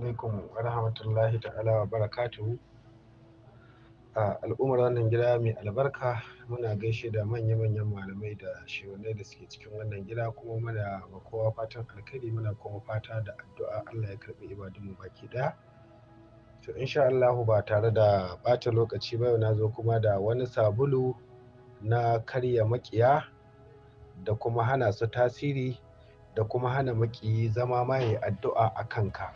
alaikum wa rahmatullahi ta'ala wa barakatuhu a al'ummar wannan gida mai albarka muna gaishe da manya-manyan malamai da shewanai da suke cikin wannan gida kuma muna ma kowa fatan alkhairi muna kuma fata da addu'a Allah ya karbi ibadunmu baki ɗaya. to insha Allah ba tare da bata lokaci ba na zo kuma da wani sabulu na karya makiya da kuma hana su tasiri da kuma hana makiyi zama maye addu'a a kanka.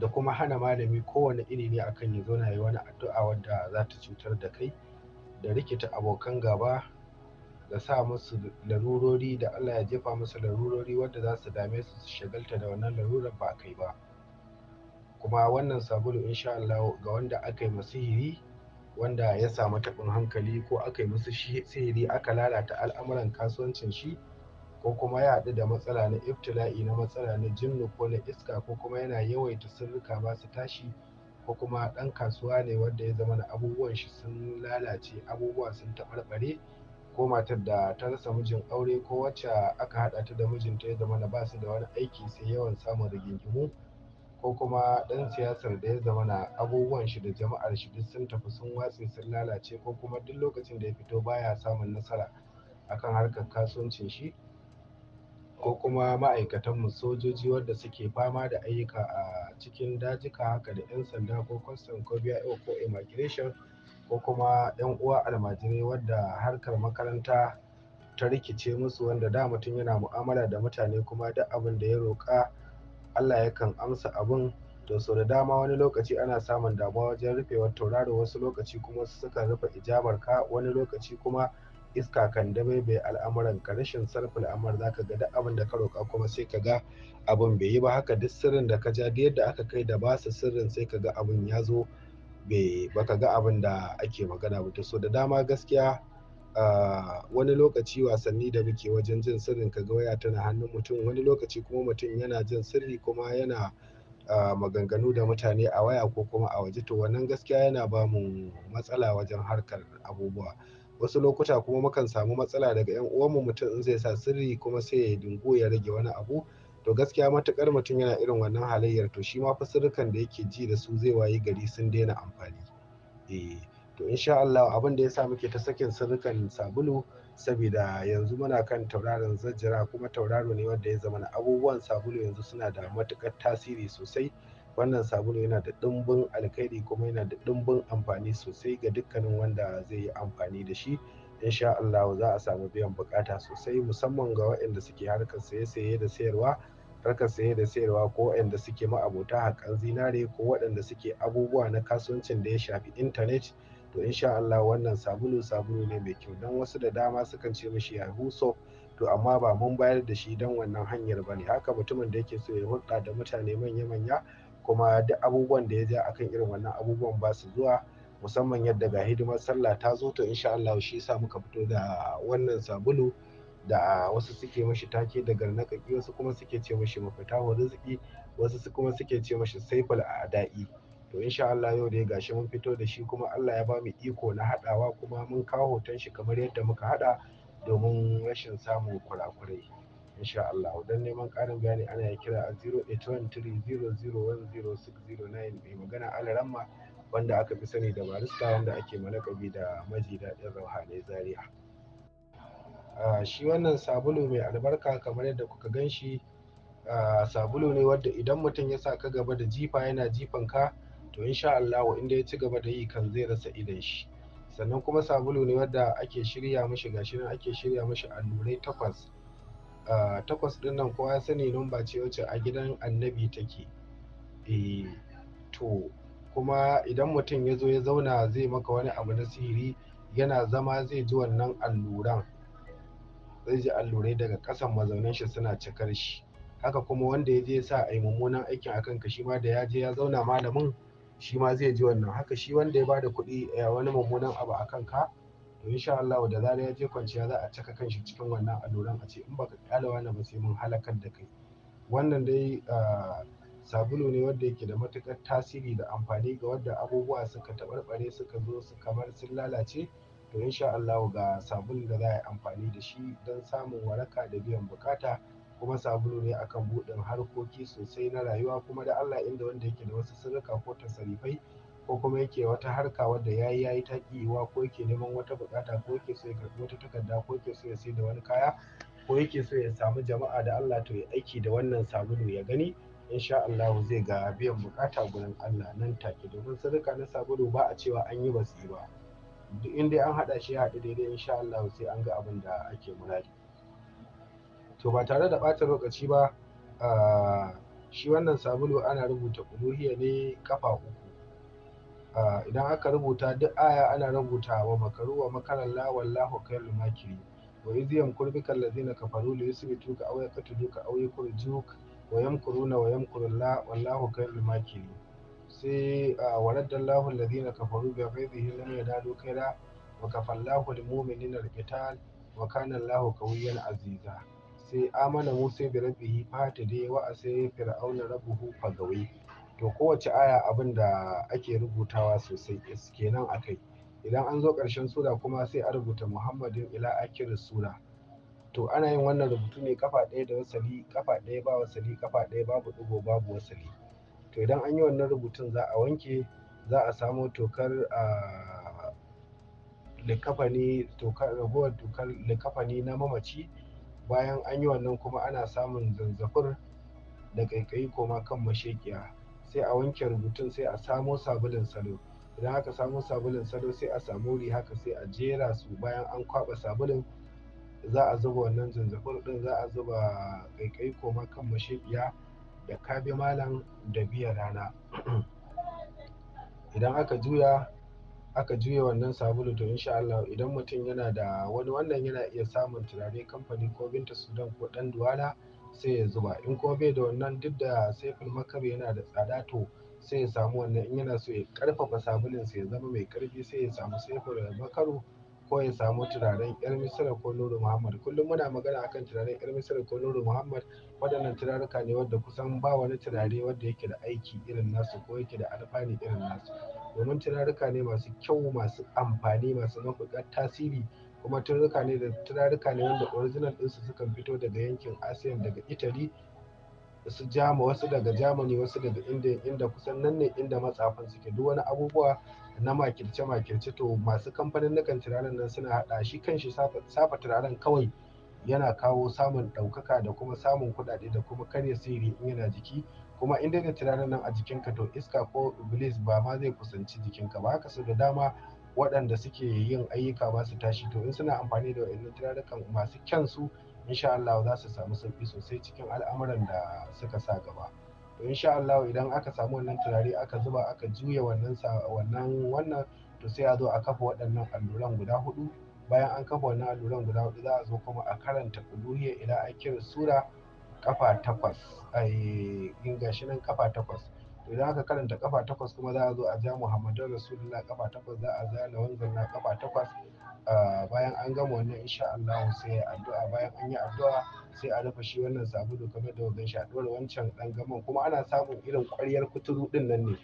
da kuma hana malami kowane iri ne akan ya zauna yi wani addu'a wadda za ta cutar da kai da rikita abokan gaba da sa musu larurori da Allah ya jefa musu larurori wadda za su dame su su shagalta da wannan larurar ba kai ba kuma wannan sabulu insha Allah ga wanda aka yi sihiri wanda ya samu taɓin hankali ko aka yi musu sihiri aka lalata al'amuran kasuwancin shi ko kuma ya haɗu da matsala na iftila'i na matsala na jinnu ko na iska ko kuma yana yawaita sirrika ba su tashi ko kuma ɗan kasuwa ne wanda ya zama na abubuwan shi sun lalace abubuwa sun taɓarɓare ko matar da ta rasa mijin aure ko wacce aka haɗa ta da mijinta ya zama na ba su da wani aiki sai yawan samun rigingimu ko kuma ɗan siyasar da ya zama na abubuwan shi da jama'ar shi duk sun tafi sun watse sun lalace ko kuma duk lokacin da ya fito baya samun nasara akan harkar kasuwancin shi ko kuma ma'aikatan mu sojoji wadda suke fama da ayyuka a cikin dajika haka da 'yan sanda ko kwastam ko BIO ko immigration ko kuma 'yan uwa almajirai wadda harkar makaranta ta rikice musu wanda da mutum yana mu'amala da mutane kuma duk abin da ya roƙa Allah yakan amsa abin to sau da dama wani lokaci ana samun damuwa wajen rufewar tauraro wasu lokaci kuma sukan rufe ijabar ka wani lokaci kuma iska kan bai al'amuran ka rashin sarfa al'amar za ka ga duk abin da ka roƙa kuma sai ka ga abin bai yi ba haka duk sirrin da ka ja da yadda aka kai da ba su sirrin sai ka ga abin ya zo ba ka ga abin da ake magana ba so da dama gaskiya wani lokaci wasanni da muke wajen jin sirrin ka ga waya tana hannun mutum wani lokaci kuma mutum yana jin sirri kuma yana maganganu da mutane a waya ko kuma a waje to wannan gaskiya yana ba mu matsala wajen harkar abubuwa wasu lokuta kuma mukan samu matsala daga yan uwanmu mutum in zai sa sirri kuma sai ya dungu ya rage wani abu to gaskiya matukar mutum yana irin wannan halayyar to shi ma fasirrukan da yake ji da su zai wayi gari sun daina amfani eh to insha Allah abin da ya sa muke ta sakin sirrukan sabulu saboda yanzu muna kan tauraron zajjira kuma tauraro ne wanda ya zama na abubuwan sabulu yanzu suna da matukar tasiri sosai wannan sabulu yana da ɗimbin alkhairi kuma yana da ɗimbin amfani sosai ga dukkanin wanda zai yi amfani da shi insha Allah za a samu biyan bukata sosai musamman ga waɗanda suke harkar saye-saye da sayarwa harkar saye da sayarwa ko waɗanda suke ma'abota haƙan zinare ko waɗanda suke abubuwa na kasuwancin da ya shafi intanet to insha Allah wannan sabulu sabulu ne mai kyau don wasu da dama sukan ce mishi ya huso to amma ba mun bayar da shi don wannan hanyar ba ne haka mutumin da yake so ya hulɗa da mutane manya-manya kuma duk abubuwan da ya ja akan irin wannan abubuwan ba su zuwa musamman yadda ga hidimar sallah ta zo to insha Allah shi yasa muka fito da wannan sabulu da wasu suke mashi take da garnakaki wasu kuma suke ce mashi mafita riziki wasu kuma suke ce mashi saiful a da'i to insha Allah yau dai gashi mun fito da shi kuma Allah ya bamu iko na hadawa kuma mun kawo hoton shi kamar yadda muka hada domin rashin samun kurakurai insha Allah dan neman karin bayani ana ya kira a 0813001069 mai magana Alaramma wanda aka fi sani da barista wanda ake malakabi da maji daɗin zaria shi wannan sabulu mai albarka kamar yadda kuka gan shi sabulu ne wadda idan mutum ya sa ka gaba da jifa yana jifan ka to insha Allah wa inda ya ci gaba da yi kan zai rasa idan shi sannan kuma sabulu ne wadda ake shirya mishi gashi nan ake shirya mishi allurai takwas takwas din nan kowa sani ba ce wacce a gidan annabi take eh to kuma idan mutum ya zo ya zauna zai maka wani abu na sihiri yana zama zai ji wannan alluran zai ji allurai daga ƙasan mazaunan shi suna cikar shi haka kuma wanda ya je ya sa a yi mummunan aikin akan ka shi ma da ya je ya zauna malamin shi ma zai ji wannan haka shi wanda ya bada kuɗi eh, wani mummunan abu a kanka to insha Allah da zarar ya je kwanciya za a caka kanshi cikin wannan aluran a ce in baka kyale wannan ba sai mun halakar da kai wannan dai ah, sabulu ne wanda yake da matukar tasiri da amfani ga wanda abubuwa suka taɓarɓare suka zo su kamar sun lalace to insha Allah ga sabulun da za a yi amfani da shi don samun waraka da biyan bukata kuma sabulu ne akan buɗin harkoki sosai na rayuwa kuma da Allah inda wanda yake da wasu sirrika ko tasarifai ko kuma yake wata harka wadda yayi yayi ta kiwa ko yake neman wata bukata ko yake so ya karbi wata takarda ko yake so ya sai da wani kaya ko yake so ya samu jama'a da Allah to ya aiki da wannan sabulu ya gani insha Allah zai ga biyan bukata gurin Allah nan take domin sadaka na sabulu ba a cewa an yi yi ba duk inda an hada shi ya haɗu daidai insha Allah sai an ga abin da ake muradi to ba tare da ɓata lokaci ba shi wannan sabulu ana rubuta uluhiyya ne kafa uku idan aka rubuta duk aya ana rubuta wa makaru wa makaralla wallahu Kayan makiri wa idh kurbikan bika allazina kafaru li yusbituka aw ka aw yukhrijuka wa yamkuruna wa yamkurullah wallahu Kayan makiri sai wa raddallahu allazina kafaru bi ghaidihim lam yadadu khaira wa kafallahu lil mu'minina al-qital wa kana allahu qawiyyan aziza sai amana musa bi rabbihi fata dai wa sai fir'auna rabbuhu fagawai to kowace aya abin da ake rubutawa sosai kenan akai idan an zo ƙarshen sura kuma sai a rubuta muhammadin ila akhir sura to ana yin wannan rubutu ne kafa ɗaya da wasali kafa ɗaya ba wasali kafa ɗaya babu ɗigo babu wasali to idan an yi wannan rubutun za a wanke za a samo tokar a likafani tokar ragowar tokar likafani na mamaci bayan an yi wannan kuma ana samun zanzafir da ƙaiƙayi koma kan mashekiya sai a wanke rubutun sai a samo sabulun salo idan aka samo sabulun salo sai a samu wuri haka sai a jera su bayan an kwaɓa sabulun za a zuba wannan zanzafir ɗin za a zuba ƙaiƙayi koma kan mashekiya da kabe malam da biya rana idan aka juya aka juya wannan sabulu to insha Allah idan mutum yana da wani wannan yana iya samun turare kamfani ko binta sudan ko dan duwala sai ya zuba in kuma bai da wannan duk da saifin makar yana da tsada to sai ya samu wannan in yana so ya karfafa sabulun sai ya zama mai karfi sai ya samu saifin makaro ko ya samu turaren yar misira ko nuru muhammad kullum muna magana akan turaren yar misira ko nuru muhammad waɗannan turaruka ne wadda kusan ba wani turare wadda yake da aiki irin nasu ko yake da alfani irin nasu domin turaruka ne masu kyau masu amfani masu mafukar tasiri kuma turaruka ne da turaruka ne wanda original ɗinsu sukan fito daga yankin asiyan daga italy su jama wasu daga germany wasu daga india inda kusan nan ne inda matsafan suke duk wani abubuwa na makirce makirce to masu kamfanin nukan turaren nan suna hada shi kanshi safa turaren kawai yana kawo samun ɗaukaka da kuma samun kuɗaɗe da kuma karya sirri in yana jiki kuma in dai da tunanin nan a jikinka to iska ko iblis ba ma zai kusanci jikinka ba haka sau da dama waɗanda suke yin ayyuka su tashi to in suna amfani da wa'annan tunanukan masu kyan su insha Allah za su samu sauki sosai cikin al'amuran da suka sa gaba to insha Allah idan aka samu wannan turare aka zuba aka juya wannan wannan wannan to sai a zo a kafa waɗannan alluran guda huɗu. bayan an kafa wannan alluran guda hudu za a zo kuma a karanta uluhiyar ila akirin sura kafa takwas ai gashi nan kafa takwas to idan aka karanta kafa takwas kuma za a zo a ja muhammadun rasulullah kafa takwas za a zana wanzan na kafa takwas bayan an gama wannan insha Allah sai addu'a bayan an yi addu'a sai a rufe shi wannan sabulu kamar da wajen shaɗuwar wancan dan gama kuma ana samun irin ƙwaryar kuturu din nan ne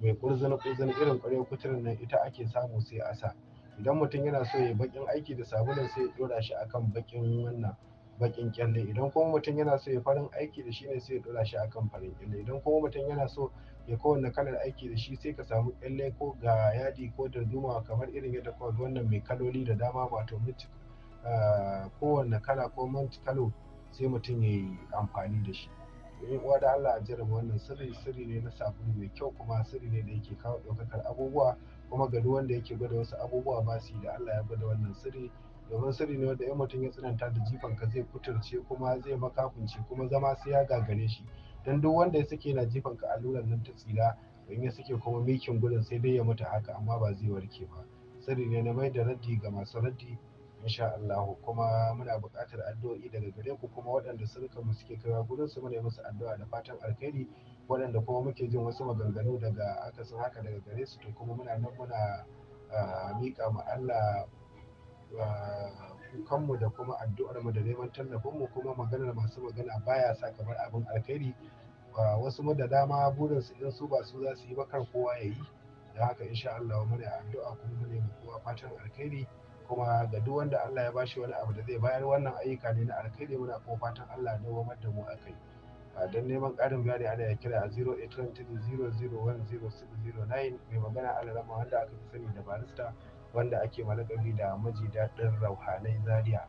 mai kurzini kurzini irin kwaryar kuturun nan ita ake samu sai a sa idan mutum yana so ya bakin aiki da sabulun sai ya ɗora shi akan baƙin wannan baƙin kyalle idan kuma mutum yana so ya farin aiki da shi ne sai ya ɗora shi akan farin kyalle idan kuma mutum yana so ya kowanne kalar aiki da shi sai ka samu kyalle ko ga yadi ko darduma kamar irin yadda kawai wannan mai kaloli da dama wato mint ah, kowanne kala ko mint kalo sai mutum ya yi amfani da shi yan eh, uwa da Allah a jarraba wannan sirri sirri ne na sabulu mai kyau kuma sirri ne da yake kawo ɗaukakar abubuwa kuma ga duk wanda yake gwada wasu abubuwa ba su yi da Allah ya gwada wannan sirri domin sirri ne wanda 'yan mutum ya tsananta da jifan ka zai kuturce kuma zai makafunce kuma zama sai ya gagare shi dan duk wanda ya sake na jifan ka alluran nan ta tsira in ya sake kuma mikin gudun sai dai ya mutu haka amma ba zai warke ba sirri ne na mai da raddi ga masu raddi insha Allah kuma muna buƙatar addu'o'i daga gare ku kuma waɗanda suka mu suke kaiwa gurin su muna musu addu'a da fatan alkhairi waɗanda kuma muke jin wasu maganganu daga akasin haka daga gare su to kuma muna nan muna miƙa ma Allah kukanmu da kuma addu'ar mu da neman tallafin mu kuma maganar masu magana baya sa kamar abin alkhairi wasu mu da dama burin su idan su ba su za su yi ba kar kowa ya yi da haka insha Allah muna addu'a kuma muna kowa fatan alkhairi kuma ga duk wanda Allah ya bashi wani abu da zai bayar wannan ayyuka ne na alkhairi muna kuma fatan Allah ya dawo da mu akai dan neman karin bayani ana ya kira a 0823001069 mai magana alarama wanda aka fi sani da barista wanda ake malakabi da maji daɗin rauhanai zaria